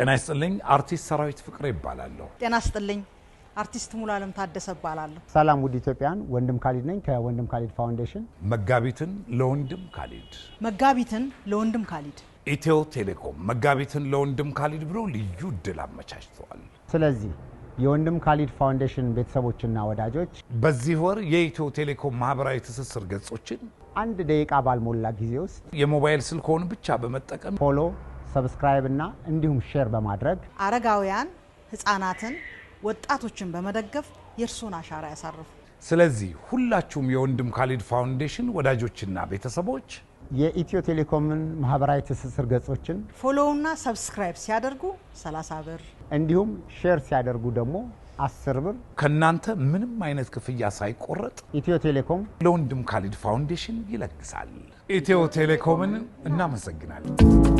ጤና ይስጥልኝ። አርቲስት ሰራዊት ፍቅር ይባላለሁ። ጤና አርቲስት ሙሉ አለም ታደሰ ሰላም ውድ ኢትዮጵያን፣ ወንድም ካሊድ ነኝ ከወንድም ካሊድ ፋውንዴሽን። መጋቢትን ለወንድም ካሊድ፣ መጋቢትን ለወንድም ካሊድ ኢትዮ ቴሌኮም መጋቢትን ለወንድም ካሊድ ብሎ ልዩ እድል አመቻችተዋል። ስለዚህ የወንድም ካሊድ ፋውንዴሽን ቤተሰቦችና ወዳጆች በዚህ ወር የኢትዮ ቴሌኮም ማህበራዊ ትስስር ገጾችን አንድ ደቂቃ ባልሞላ ጊዜ ውስጥ የሞባይል ስልክዎን ብቻ በመጠቀም ፎሎ ሰብስክራይብ እና እንዲሁም ሼር በማድረግ አረጋውያን፣ ህጻናትን፣ ወጣቶችን በመደገፍ የእርሶን አሻራ ያሳርፉ። ስለዚህ ሁላችሁም የወንድም ካሊድ ፋውንዴሽን ወዳጆችና ቤተሰቦች የኢትዮ ቴሌኮምን ማህበራዊ ትስስር ገጾችን ፎሎውና ሰብስክራይብ ሲያደርጉ 30 ብር እንዲሁም ሼር ሲያደርጉ ደግሞ አስር ብር ከእናንተ ምንም አይነት ክፍያ ሳይቆረጥ ኢትዮ ቴሌኮም ለወንድም ካሊድ ፋውንዴሽን ይለግሳል። ኢትዮ ቴሌኮምን እናመሰግናለን።